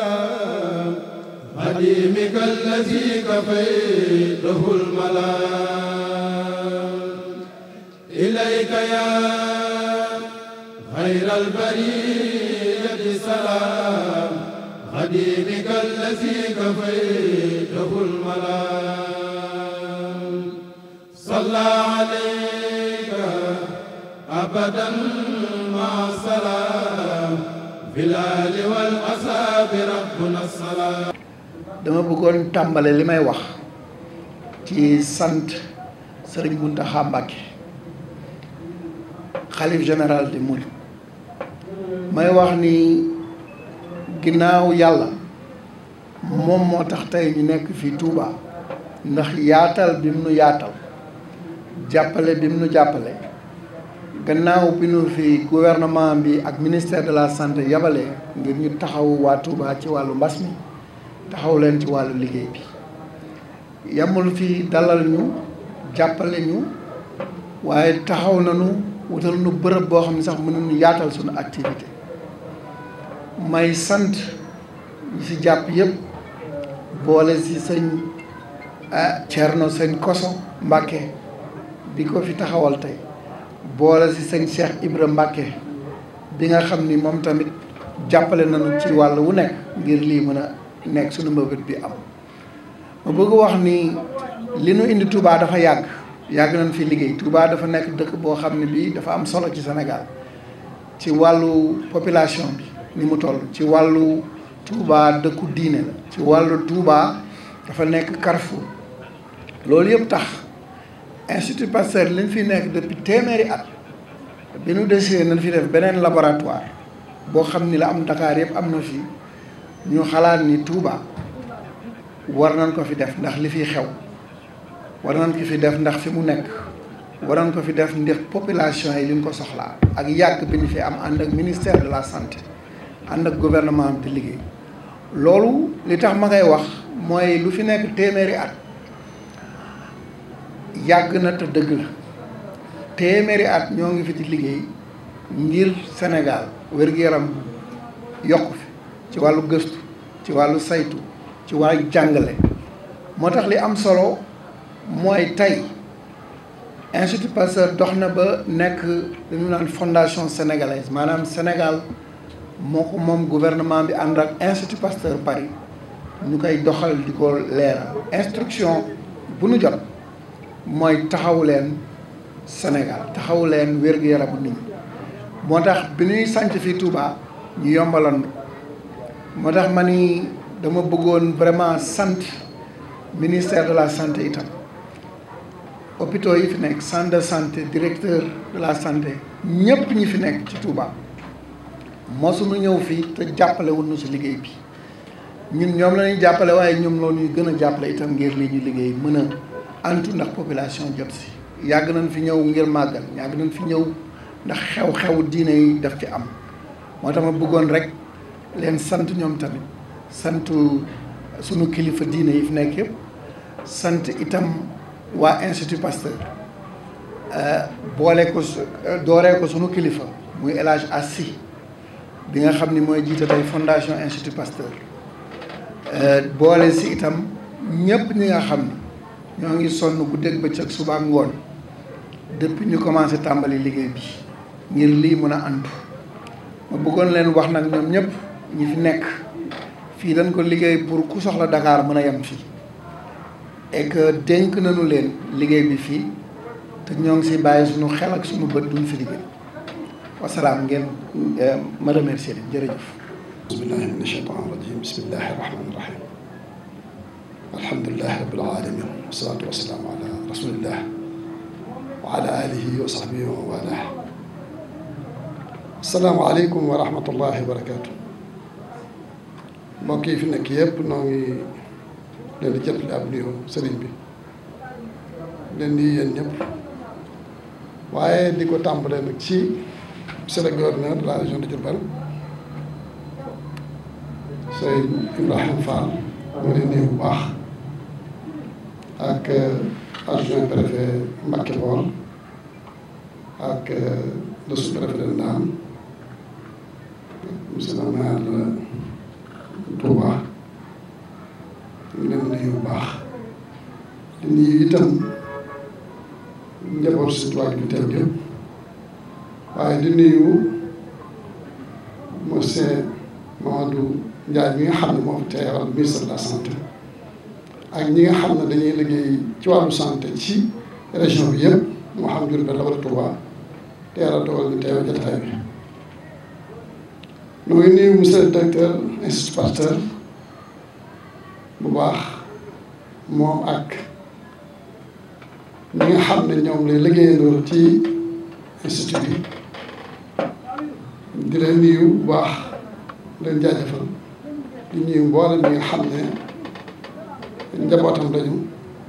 الكلام خديمك الذي كفيته الملام إليك يا خير البرية سلام خديمك الذي كفيته الملام صلى عليك أبدا مع سلام dama bëggoon tàmbale li may wax ci sant Serigne Mountakha Mbacké xalif général de Mouride may wax ni ginnaaw yàlla moom moo tax tey ñu nekk fii Touba ndax yaatal bi nu yaatal jàppale bi mu nu jàppale gannaaw bi nu fi gouvernement bi ak ministère de la santé yabale ngir ñu taxaw waa Touba ci wàllu mbas mi taxaw leen ci wàllu liggéey bi yamul fi dalal ñu jàppale ñu waaye taxaw nañu wutal nu bërëb boo xam ne sax mën nañu yaatal sunu activité may sant ñu si jàpp yëpp boole si sëñ ah, Thierno sëñ Koso Mbàkke bi ko fi taxawal tey boole si sëñ Cheikh Ibra Mbacke bi nga xam ni moom tamit jàppale nañu ci wàll wu nekk ngir lii mën a nekk sunu mbëbët bi am ma bëgg wax ni li nu indi Touba dafa yàgg yàgg nañ fi liggéey Touba dafa nekk dëkk boo xam ne bii dafa am solo ci senegal ci wàllu population bi ni mu toll ci wàllu Touba dëkku diine la ci wàllu Touba dafa nekk carrefour loolu yëpp tax institut Pasteur li mu fi nekk depuis téeméeri at bi nu décidé nañ fi def beneen laboratoire boo xam ni la am ndakaar yëpp am na fi ñu xalaat ni Touba war nañ ko fi def ndax li fi xew war nañ ko fi def ndax fi mu nekk war nañ ko fi def ndax population yi li ñu ko soxlaa ak yàgg bi ñu fi am ànd ak ministère de la santé ànd ak gouvernement bi di liggéey loolu li tax ma ngay wax mooy lu fi nekk téeméeri at yàgg na te dëgg la téeméeri at ñoo ngi fi di liggéey ngir Sénégal wér-gu-yaram yokku fi ci wàllu gëstu ci wàllu saytu ci wàllu jàngale moo tax li am solo mooy tey Institut Pasteur dox na ba nekk li ñu naan fondation sénégalaise maanaam Sénégal moo ko moom gouvernement bi ànd ak Institut Pasteur Paris ñu koy doxal di ko leeral instruction bu nu jot mooy taxaw leen Sénégal taxaw leen wér-gu-yaramu nit ñi moo tax bi ñuy sànc fii Touba ñu yombaloon moo tax ma ni dama bëggoon vraiment sant ministère de la santé itam hôpitaux yi fi nekk centre de santé directeur de la santé ñëpp ñi fi nekk ci Touba mosuñu ñëw fii te jàppale wuñu si liggéey bi ñun ñoom la ñuy jàppale waaye ñoom loolu ñuy gën a jàppale itam ngir li ñu liggéey mën a antu ndax population jot si yàgg nañ fi ñëw ngir màggal yàgg nañ fi ñëw ndax xew-xew diine yi daf ci am moo tax ma bëggoon rek leen sant ñoom tamit sant sunu kilifa diine yi fi nekk yëpp sant itam waa institut Pasteur euh, boole ko euh, dooree ko sunu kilifa muy El Hadj Assi bi nga xam ni mooy jiite tey fondation institut euh, si itam ñëpp ñi nga xam ni ñoo ngi sonn bu dégg bëccëg suba ngoon depuis ñu commencé tàmbali liggéey bi ngir lii mën a antu ma bëggoon leen wax nag ñoom ñëpp ñi fi nekk fii dañ ko liggéey pour ku soxla dakaar mën a yem fii et que dénk nañu leen liggéey bi fii te ñoo ngi si bàyyi suñu xel ak suñu bët duñ fi liggéey wasalaam ngeen euh, ma remercier jërëjëf alhamdulilah rabbil alamin wasalaatu wasalaamu ala rasulillah wa ala alihi wa sahbihi wa wala asalaamaaleykum wa rahmatullahi wa barakaatu mbokk yi fi nekk yëpp noo ngi leen di jëtli ab nuyoo sëriñ bi leen di yéen ñëpp waaye di ko tàmbalee nag ci monsieur le gouverneur de la région de Diourbel sëriñ Ibrahima Fall moo leen nuyu bu baax ak euh, adjoint préfet Mbacké Bor ak euh, le sous-préfet de Ndam monsieur le maire euh, Touba ñu leen nuyu bu baax di nuyu itam njaboot si tubaab bi teew yëpp waaye di nuyu monsieur Mamadou Ndiaye mi nga xam ne moom teewal ministre de la santé ak ñi nga xam ne dañuy liggéey ci wàllu santé ci région bi yëpp moo xam Diourbel la wala Touba te yàlla dogal ni teew jotaay bi ñoo ngi nuyu monsieur le bu baax moom ak ñi nga xam ne ñoom lay liggéeyandoo ci institut bi di leen nuyu bu baax leen jaajëfal di nuyu mboolem ñi nga xam ne njabootam lañu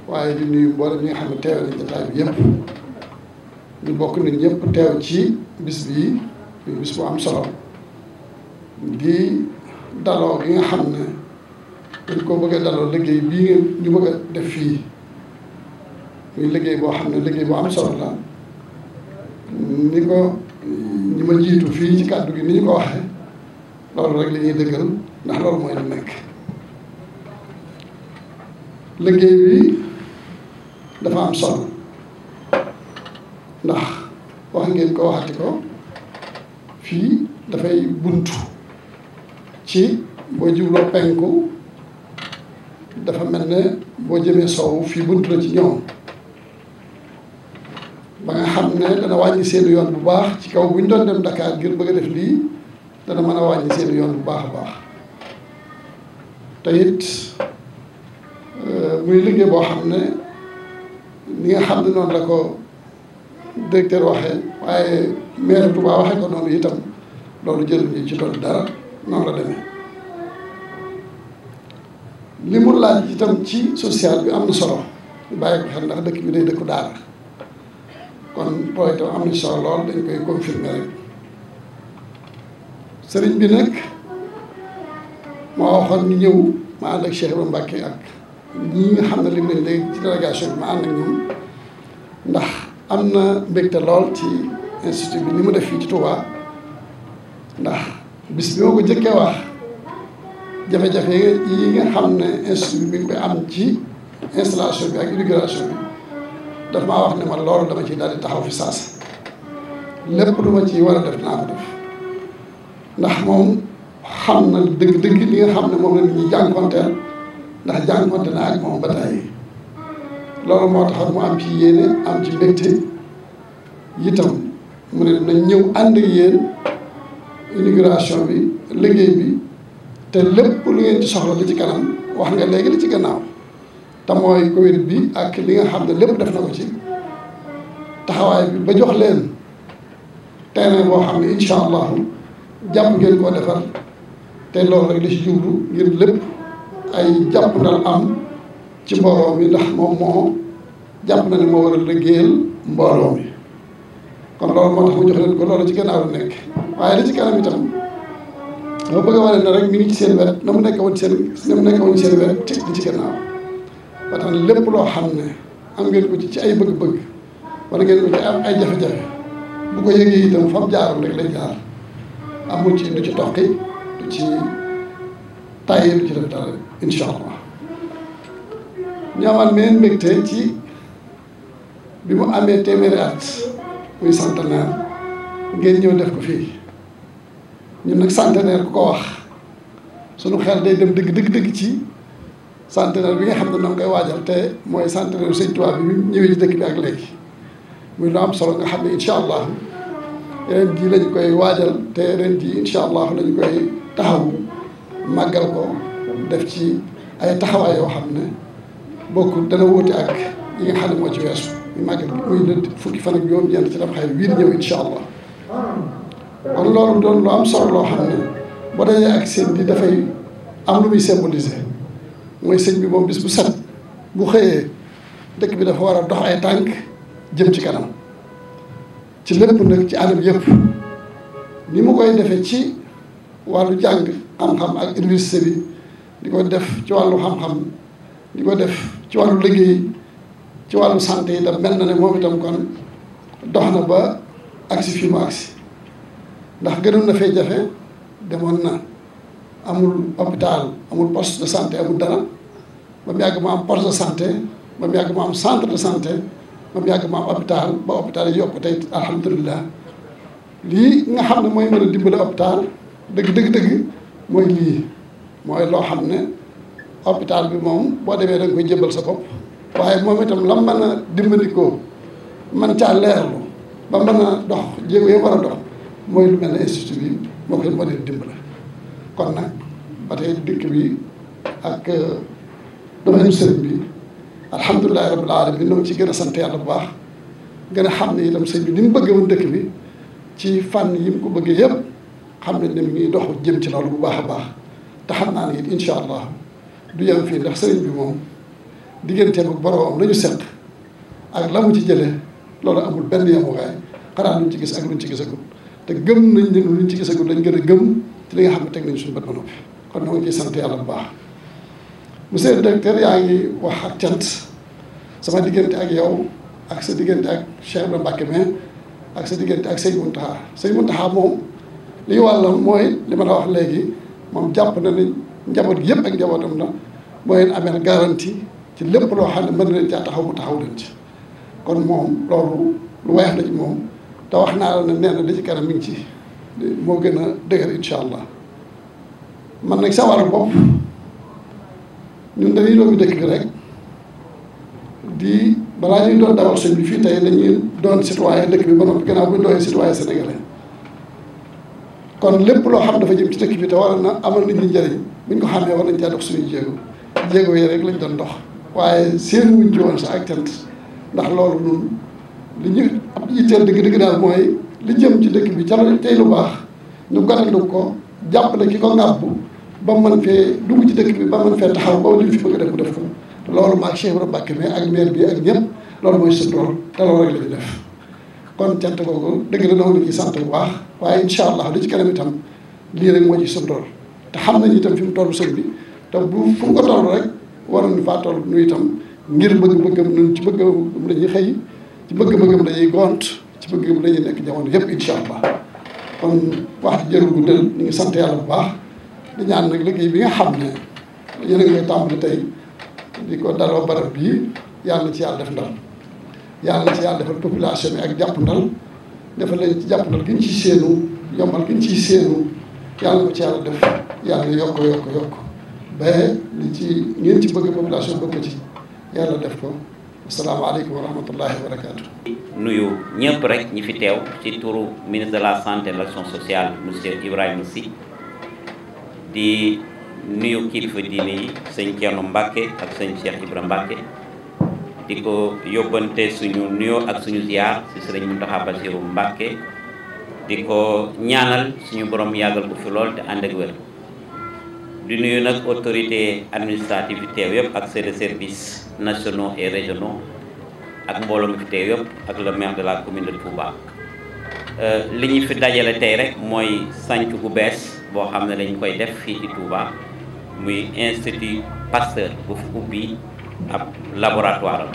waaye di nuyu mboolem ñi nga xam ne teew nañ jotaay bi yëpp ñu bokk nañ ñëpp teew ci bis bii ñu bis bu am solo di daloo gi nga xam ne dañ ko bëggee daloo liggéey bii ñu bëgg def fii muy liggéey boo xam ne liggéey bu am solo la ñu ko ñi ma jiitu fii ci kàddu gi ni ñu ko waxee loolu rek li ñuy dëggal ndax loolu mooy lu nekk liggéey bi dafa am solo ndax wax ngeen ko waxati ko fii dafay buntu ci boo jubloo penku dafa mel ne boo jëmee soowu fii buntu la ci ñoom ba nga xam ne dana wàññi seenu yoon bu baax ci kaw bu ñu doon dem Dakar ngir bëgg a def lii dana mën a wàññi seeni yoon bu baax a baax te muy liggéey boo xam ne ni nga xam ne noonu la ko directeur waxee waaye maire Touba waxee ko noonu itam loolu jëluñu ci tool dara noonu la deme li mu laaj itam ci social bi am na solo bàyyi ko xel ndax dëkk bi day dëkku daara kon projet am na solo lool dañ koy confirmer rek sëriñ bi nag moo waxoon ñu ñëw ma ànd ak Cheikh Ibrahima ak ñi nga xam ne lim nañ léegi ci délégation bi ma ànd ak ndax am na mbégte lool ci institut bi ni mu def fii ci Touba ndax bis bi ma ko jëkkee wax jafe-jafe yi nga xam ne institut bi mi am ci installation bi ak inauguration bi daf maa wax ne ma loolu dama ci daal di taxaw fi saasa lépp lu ma ci war a def naa ko def ndax moom xam na dëgg-dëgg li nga xam ne moom la nit ñi jànkonteel ndax jàngoonte naa ak moom ba loolu moo taxaw mu am ci yéene am ci mbégte itam mu ne nañ ñëw ànd ak yéen inauguration bi liggéey bi te lépp lu ngeen ci soxla li ci kanam wax nga léegi li ci gannaaw te mooy Covid bi ak li nga xam ne lépp def na ko ci taxawaay bi ba jox leen terrain boo xam ne incha allahu jàpp ngeen koo defar te loolu rek li ci jublu ngir lépp ay jàpp dal am ci mbooloo mi ndax moom moo jàpp na ne moo war a liggéeyal mbooloo mi kon loolu moo tax mu jox leen ko loolu ci gannaaw la nekk waaye li ci kanam itam dama bëgg a ne rek mi ngi ci seen wet na mu nekk woon seen na mu nekk woon seen wet ci li ci gannaaw ba tax lépp loo xam ne am ngeen ko ci ci ay bëgg-bëgg wala ngeen ko am ay jafe-jafe bu ko yëgee itam fam jaarul rek lay jaar amul ci du ci toqi du ci tàyyi du ci def dara incha allah ñu amaat ci bi mu amee téeméeri at muy centenaire ngeen ñëw def ko fii ñun nag centenaire ku ko wax sunu xel day dem dëgg dëgg dëgg ci centenaire bi nga xam ne noonu ngay waajal te mooy centenaire Sëñ Tuubaa bi mu ñëwee ci dëkk bi ak léegi muy lu am solo nga xam ne incha allah ren jii lañ koy waajal te ren jii incha allah lañ koy taxaw màggal ko. def ci ay taxawaay yoo xam ne bokkul dana wóote ak yi nga xam moo ci weesu muy màggal muy le fukki fan ak ñeent ci Tamxarit wii di ñëw incha allah kon loolu doon lu am solo loo xam ne boo dajee ak seen di dafay am lu muy symboliser sëñ bi moom bis bu set bu xëyee dëkk bi dafa war a dox ay tànk ci kanam ci lépp nag ci anam yëpp ni mu koy defee ci wàllu jàng xam-xam ak université bi di ko def ci wàllu xam-xam di ko def ci wàllu liggéey ci wàllu santé yi itam mel na ne moom itam kon dox na ba agsi fi mu agsi ndax gënoon na fee jafe demoon na amul hôpital amul post de santé amul dara ba mu yàgg ma am poste de santé ba mu yàgg ma am centre de santé ba mu yàgg ma am hôpital ba hôpital yi yokk tey alhamdulilah lii nga xam ne mooy mën a dimbale hôpital dëgg dëgg dëgg mooy lii mooy loo xam ne hôpital bi moom boo demee da nga koy jëmbal sa bopp waaye moom itam la mën a dimbali ko man caa leerlu ba mën a dox jéego yi war a dox mooy lu mel ne institut bi moo ko moo leen dimbala kon nag ba tey dëkk bi ak euh, domaine sëriñ bi alhamdulilahi rabbil alamin ñoo ngi ci gën a sant yàlla bu baax gën a xam ne itam sëñ bi ni mu bëggee woon dëkk bi ci fànn yi mu ko bëggee yëpp xam nañ ne mi ngi dox jëm ci loolu bu baax a baax te xam naa ne it incha allah du yem fii ndax sëriñ bi moom digganteem ak boroomam la ñu la mu ci jëlee loolu amul benn yemuwaay xanaa luñ ci gis ak luñ ci gisagul te gëm nañ ne luñ ci gisagul lañ gën a gëm ci li ne teg nañ suñu bët ba noppi kon na nga ciy sant yàlla bu baax. monsieur le directeur yaa ngi wax ak sama diggante ak yow ak sa diggante ak Cheikh Ibrahima Mbacke mais ak sa diggante ak sëñ Mountakha sëñ Mountakha moom li wàllam mooy li ma la wax léegi. moom jàpp na ni njaboot gi yëpp ak na la moo leen ameel garantie ci lépp loo xam ne mën na leen caa taxaw mu taxaw leen ci kon moom loolu lu wax la ci moom te wax naa la ne nee na li ci kanam mi ngi ci moo gën a dëgër incha allah man nag sa wàllu bopp ñun dañuy doomi dëkk bi rek di balaa ñuy doon dawal sëñ bi fii tey dañuy doon citoyen dëkk bi ba noppi gannaaw bu ñu doon citoyen sénégalais kon lépp loo xam dafa jëm ci dëkk bi te war na amal nit ñi njëriñ buñ ko xàmmee war nañ caa dox suñuy jéego jéego yi rek lañ doon dox waaye seen wuñ ci woon sax ak cant ndax loolu nun li ñu ab yitteel dëgg-dëgg daal mooy li jëm ci dëkk bi ca tey lu baax ñu gàttandu ko jàppale ki ko ngàbb ba mën fee dugg ci dëkk bi ba mën fee taxaw ba li fi bëgg def mu def ko loolu maag Cheikh Ibrahima Mbacké mais ak maire bi ak ñëpp loolu mooy suñu rôle te loolu rek la def kon cant googu dëgg la noonu ci sant bu baax waaye incha allah lu ci kanam tam lii rek moo ci suñu tool te xam nañu itam fi mu toll sëñ bi te bu fu nga ko toll rek waroon ñu faa toll nu itam ngir bëgg-bëggam ñun ci bëgg-bëggam lañuy xëy ci bëgg-bëggam lañuy gont ci bëgg-bëggam lañuy nekk jamono yëpp incha allah kon wax jërul guddal ñu ngi sant yàlla bu baax di ñaan nag liggéey bi nga xam ne yéen a ngi koy tey di ko daloo barab bii yàlla na ci yàlla def ndam yàlla ci yàlla defal population bi ak jàppandal defal leen ci jàppandal gi ñu ciy séenu yombal gi ñu ciy yàlla ko ci yàlla def yàlla yokko yokk yokk ba li ci ngeen ci bëgg population bëgg ci yàlla def ko asalaamaaleykum wa rahmatullahi wa barakaatu. nuyu ñëpp rek ñi fi teew ci turu ministre de la santé et de l'action sociale monsieur Ibrahima Sy di nuyu kilifa diine yi sëñ Thierno Mbacke ak sëñ Cheikh Ibrahima Mbacke. di ko yóbbante suñu nuyoo ak suñu ziar si sëriñ Mountakha Bassirou Mbacké di ko ñaanal suñu borom yàggal ko fi lool te ànd ak wér di nuyu nag autorité administrative yi teew yëpp ak chefs de service nationaux et régionaux ak mbooloo mi fi teew yëpp ak le maire de la commune de Touba euh, li ñu fi dajale tey rek mooy sànc gu bees boo xam ne dañ koy def fii di Touba muy institut Pasteur bu fi ubbi ab laboratoire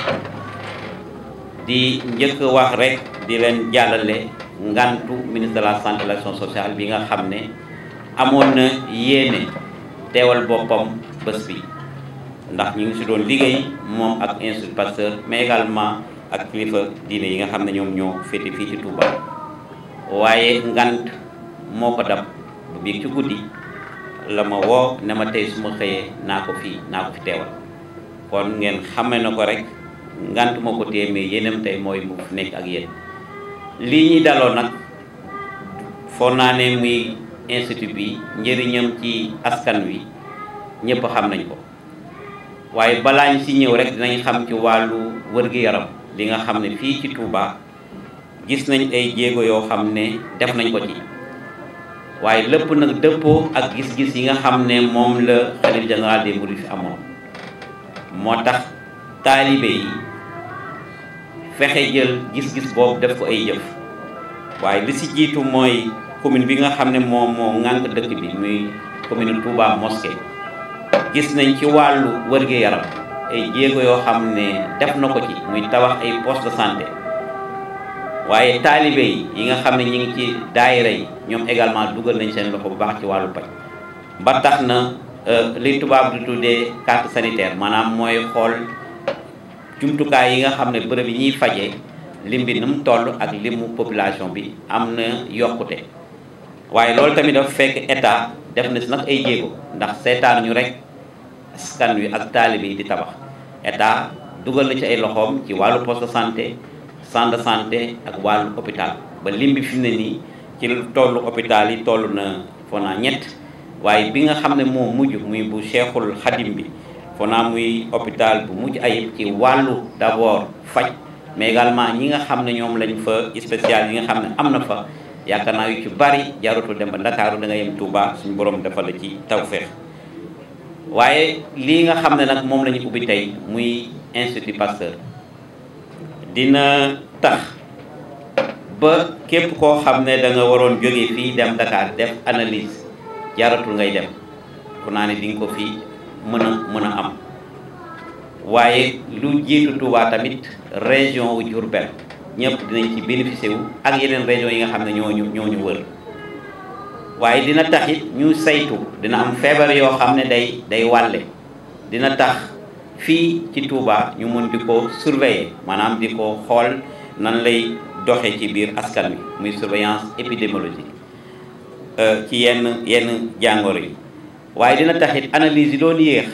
di njëkk wax rek di leen jàllale ngantu ministre de la santé et sociale bi nga xam ne amoon na yéene teewal boppam bës bi ndax ñu ngi si doon liggéey moom ak institut Pasteur mais également ak kilifa diine yi nga xam ne ñoom ñoo féete fii ci Touba waaye ngant moo ko dab bu biig ci guddi la ma woo ne ma tey su ma xëyee naa ko fii naa ko fi teewal kon ngeen xame na ko rek ngant moo ko téye mais yéenam tey mooy mu nekk ak yéen lii ñuy daloo nag foo naa ne muy institut bi njëriñam ci askan wi ñëpp xam nañ ko waaye balaa ñu si ñëw rek dinañ xam ci wàllu wër-gi-yaram li nga xam ne fii ci Touba gis nañ ay jéego yoo xam ne def nañ ko ci waaye lépp nag dëppoo ak gis-gis yi nga xam ne moom la xalif général des mourides fi amoon moo tax taalibe yi fexe jël gis-gis boobu def ko ay jëf waaye bi si jiitu mooy commune bi nga xam ne moom moo ŋànk dëkk bi muy commune Touba Mosquée gis nañ ci wàllu wërgu yaram ay jéego yoo xam ne def na ko ci muy tabax ay poste de santé waaye taalibe yi yi nga xam ne ñi ngi ci daayira yi ñoom également dugal nañ seen loxo bu baax ci wàllu paj ba tax na Euh, li tubaab di tuddee carte sanitaire maanaam mooy xool jumtukaay yi nga xam ne bërëb yi ñuy fajee lim bi toll ak limu population bi am na yokkute waaye loolu tamit dafa fekk état def na si nag ay jéego ndax seetaan ñu rek askan wi ak taalibe yi di tabax état dugal na ci ay loxoom ci wàllu poste de santé centre de santé ak wàllu hôpital ba lim bi fi ne nii ci tollu hôpital yi toll na foo ñett waaye bi nga xam ne moo mujj muy bu seexul Khadim bi fo naa muy hôpital bu mujj ayib ci wàllu d'abord faj mais également ñi nga xam ne ñoom lañu fa spécial yi nga xam ne am na fa yaakaar naa yu ci bari jarutul dem ba Ndakaaru da nga yem Touba suñu boroom dafa la ci tawféex waaye lii nga xam ne nag moom lañu ñu ubbi tey muy Institut Pasteur dina tax ba képp koo xam ne da waroon jógee fii dem Dakar def analyse jaratul ngay dem ku naa ne di nga ko fi mën a mën a am waaye lu jiitu Touba tamit région wu Diourbel ñëpp dinañ ci bénéficier wu ak yeneen région yi nga xam ne ñooñu ñooñu wër waaye dina tax ñu saytu dina am feebar yoo xam ne day day wàlle dina tax fii ci Touba ñu mën bi ko surveiller maanaam bi ko xool nan lay doxe ci biir askan bi muy surveillance épidémiologique Euh, ci yenn yenn jàngoor yi waaye dina taxit analyse yi loolu yéex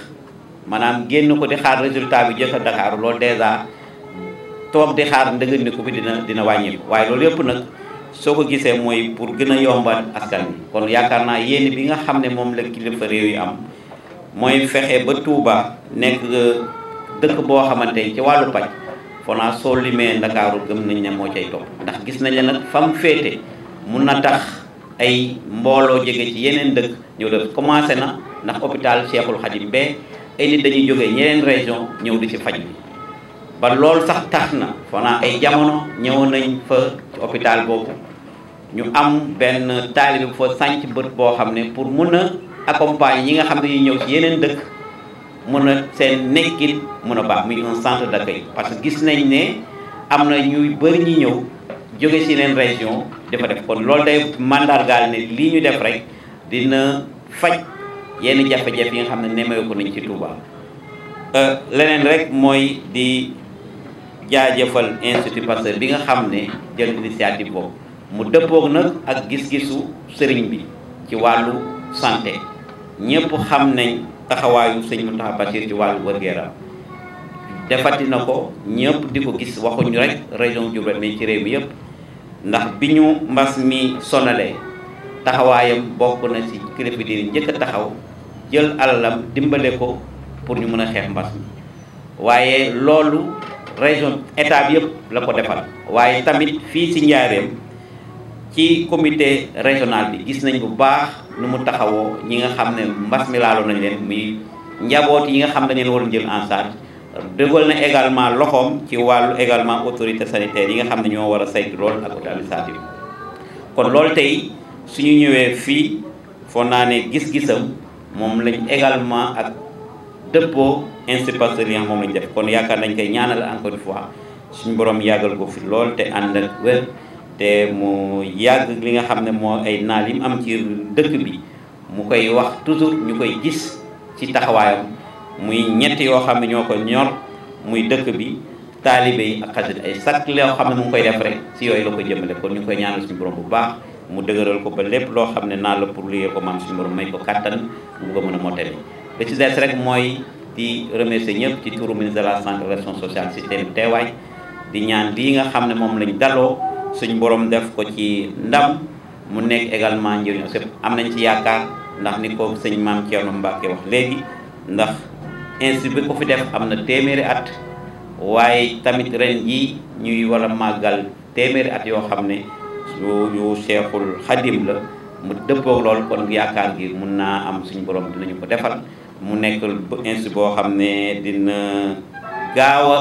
maanaam génn ko di xaar résultat bi jëkk a Dakar loolu dèjà toog di xaar ndëgën ni ko bi dina dina wàññi waaye loolu yëpp nag soo ko gisee mooy pour gën a yomba askan bi kon yaakaar naa yéen bi nga xam ne moom la kilifa réew yi am mooy fexe ba Touba nekk dëkk boo xamante ci wàllu paj fonaa soo limee Ndakaaru gëm nañ ne moo cay topp ndax gis nañ ne fam féete mun na tax ay mbooloo jóge ci yeneen dëkk ñëw def commencé na ndax hôpital Cheikhul Khadim be ay nit dañuy jógee ñeneen région ñëw di ci faj bi ba loolu sax tax na fanaa ay jamono ñëwoon nañ fa ci boobu ñu am benn taalibe bu fa sànc bët boo xam ne pour mun a accompagner yi nga xam ne ñu ñëw ci yeneen dëkk mun na seen nekkin mun a baax muy un centre yi parce que gis nañ ne am na ñuy bëri ñi ñëw jóge si leen région dafa def kon loolu day mandargaal ne lii ñu def rek dina faj yenn jafe-jafe yi nga xam ne nemmeeku ko nañ ci Touba euh, leneen rek mooy di jaajëfal institut Pasteur bi nga xam ne jël initiative boobu mu dëppoog nag ak gis-gisu sëriñ bi ci wàllu sante ñëpp xam nañ taxawaayu sëñ Mountakha Bachir ci wàllu wërgeeram defati na ko ñëpp di ko gis waxuñu rek région Diourbel mais ci réew mi yëpp ndax bi ñu mbas mi sonalee taxawaayam bokk na ci kilifa diine njëkk taxaw jël alalam dimbale ko pour ñu mën a xeex mbas mi waaye loolu région état bi la ko defal waaye tamit fii ci njaareem ci comité régional bi gis nañ bu baax nu mu taxawoo ñi nga xam ne mbas mi laaloo nañ leen muy njaboot yi nga xam ne dañ leen war a jël en dëggal na également loxoom ci wàllu également autorité sanitaire yi nga xam ne ñoo war a saytu lool ak autorité administrative kon loolu tey suñu ñëwee fii foog naa ne gis-gisam moom lañ également ak dëppoo Institut Pasteur li moom lañ def kon yaakaar nañ koy ñaanal encore fois suñu borom yàggal ko fi lool te ànd ak wér te mu yàgg li nga xam ne moo ay naal yi mu am ci dëkk bi mu koy wax toujours ñu koy gis ci taxawaayam muy ñett yoo xam ne ñoo ko ñor muy dëkk bi taalibe yi ak xasida ay sàkk loo xam ne mu ngi koy def rek si yooyu la ko jëmale kon ñu ngi koy ñaanal suñu borom bu baax mu dëgëral ko ba lépp loo xam ne naa la pour liggéey ko maam suñu borom may ko kattan bu ko mën a mottali li ci des rek mooy di remercier ñëpp ci turu ministre de la santé relation sociale système teewaay di ñaan lii nga xam ne moom lañ daloo suñ borom def ko ci ndam mu nekk également njëriñu sëpp am nañ ci yaakaar ndax ni ko sëñ maam Thierno Mbacke wax léegi ndax institut bi ko fi def am na téeméeri at waaye tamit ren ji ñuy war màggal téeméeri at yoo xam ne yu Seexul Xadim la mu dëppoog lool kon yaakaar ngir mun naa am suñu borom dinañu ko defal mu nekk institut boo xam ne dina gaaw a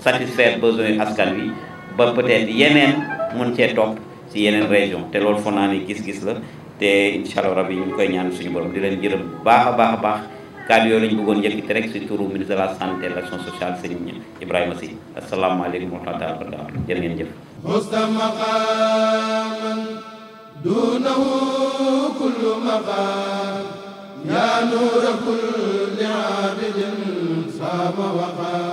satisfaire besoin askan wi ba peut yeneen mun cee topp ci yeneen région te loolu foo naa ne gis-gis la te incha rab rabi ñu koy ñaan suñu borom di leen jërëm bu baax a baax a baax kàddu yooyu lañ bëggoon yëkkati rek si turu ministre de la santé et l'action sociale sëñ Ibrahima Sy asalaamaaleykum wa rahmatulah barakaatu jërë ngeen jëf mustamaqaman duunahu kullu maqam yaa nuura kulli aabidin saama waqaam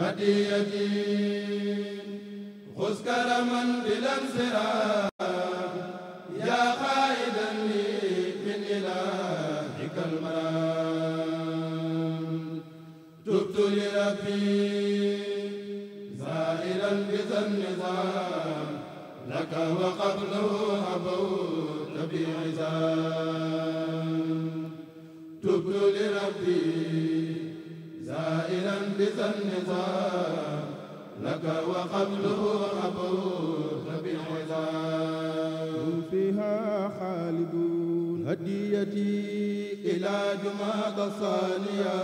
هديتي خذ كرما بلا انصراف الشكر لربي زائلا بذا النظام لك وقبله عبود بالعظام فيها خالدون هديتي إلى جماد ثانية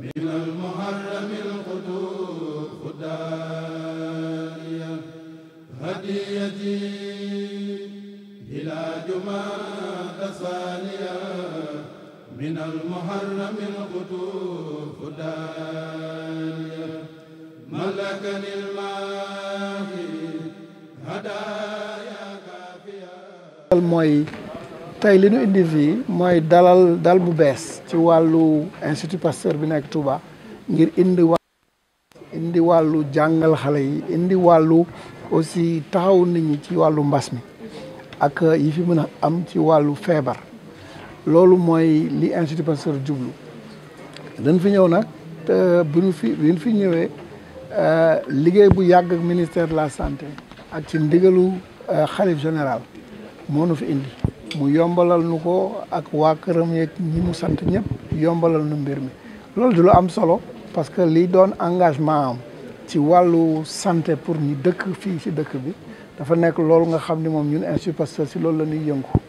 من المحرم محرم mooy tey li ñu indi fii mooy dalal dal bu bees ci wàllu institut Pasteur bi nekk Touba ngir indi wàllu jàngal xale yi indi wàllu aussi taxawu nit ñi ci wàllu mbas mi ak yi fi mën a am ci wàllu feebar loolu mooy li institut Pasteur jublu dañ fi ñëw nag bu ñu fi bu ñu fi ñëwee euh, liggéey bu yàgg ministère de la santé ak ci ndigalu euh, xalif général moo nu fi indi mu yombalal nu ko ak waa këram yeeg ñi mu sant ñëpp yombalal nu mbir mi loolu di lu am solo parce que li doon engagement am ci wàllu santé pour ñu dëkk fii ci dëkk bi dafa nekk loolu nga xam ni moom ñun institut Pasteur si loolu la ñuy yëngu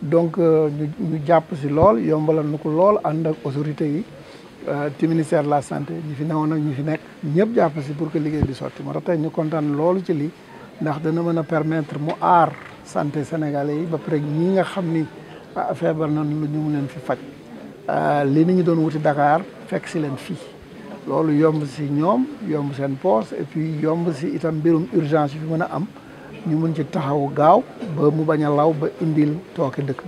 donc euh, ñu jàpp si lool yombalal na ko lool ànd ak autorité yi euh, ci ministère la santé ñi fi newoon ak ñi fi nekk ñëpp jàpp si pour que liggéey bi sotti moo tax tey ñu kontaan loolu ci lii ndax dana mën a permettre mu aar santé sénégalais yi ba pare ñi nga xam ni ah, feebar nañ lu ñu mu leen fi faj euh, li ni ñu doon wuti Dakar fekk si leen fii loolu yomb si ñoom yomb seen poste et puis yomb si itam mbirum urgence yu fi mën a am ñu mun taxaw gaaw ba mu bañ a law ba indil tooke dëkk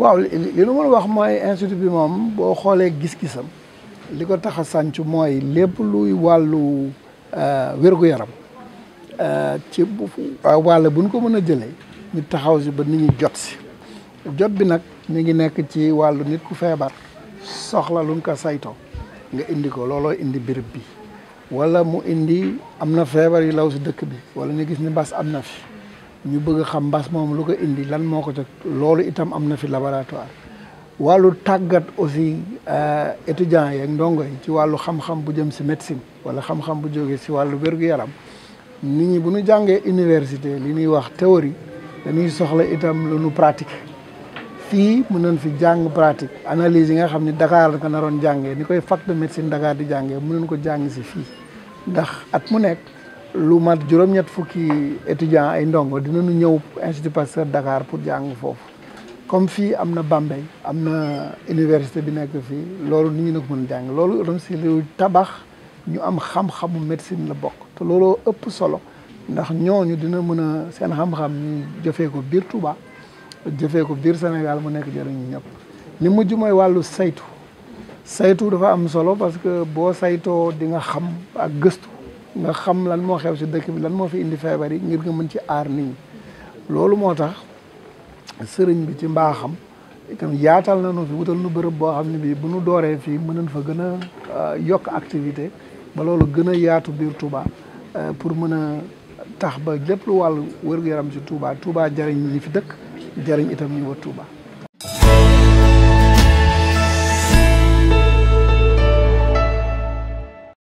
waaw li nu mën wax mooy institut bi moom boo xoolee gis-gisam li ko tax a sànc mooy lépp luy wàllu euh, wérgu yaram Euh, ci bu wàll bu ñu ko mën a jëlee ñu taxaw si ba nit ñi jot si jot bi nag mu ngi nekk ci wàllu nit ku feebar soxla luñ ko sayto nga indi ko looloo indi béréb bi wala mu indi am na feebar yi law si dëkk bi wala ñu gis ni mbas am na fi ñu bëgg xam mbas moom lu ko indi lan moo ko jot loolu itam am na fi laboratoire wàllu tàggat aussi euh, étudiants yeeg ndongo yi ci wàllu xam-xam bu jëm si médecine wala xam-xam bu jógee si wàllu wér-gu-yaram nit ñi bu ñu jàngee université li ñuy wax théorie dañuy soxla itam lu nu pratique fii mën nañ fi jàng pratique analyse yi nga xam ni Dakar la ko naroon jàngee ni koy fac de médecine Dakar di jàngee mën nañ ko jàng si fii ndax at mu nekk lu mat juróom-ñett fukki étudiants ay ndongo dinañu ñëw Institut Pasteur dakaar pour jàng foofu comme fii am na Bambey am na université bi nekk fii loolu nit ñi na ko mën a jàng loolu itam si lu tabax ñu am xam-xamu médecine la bokk te looloo ëpp solo ndax ñooñu dina mën a seen xam-xam ñu jëfee ko biir Touba jëfee ko biir Sénégal mu nekk jëriñu ñëpp li mujj mooy wàllu saytu saytu dafa am solo parce que boo saytoo di nga xam ak gëstu nga xam lan moo xew si dëkk bi lan moo fi indi feebar yi ngir nga mën ci aar nii loolu moo tax sëriñ bi ci mbaaxam itam yaatal na nu fi wutal nu bërëb boo xam ne bii bu nu dooree fii mën nañ fa gën a euh, yokk activité ba loolu gën a yaatu biir Touba euh, pour mën a tax ba lépp lu wàllu wér-gu-yaram ci Touba Touba jariñ ñi fi dëkk jariñ itam ñi wër Touba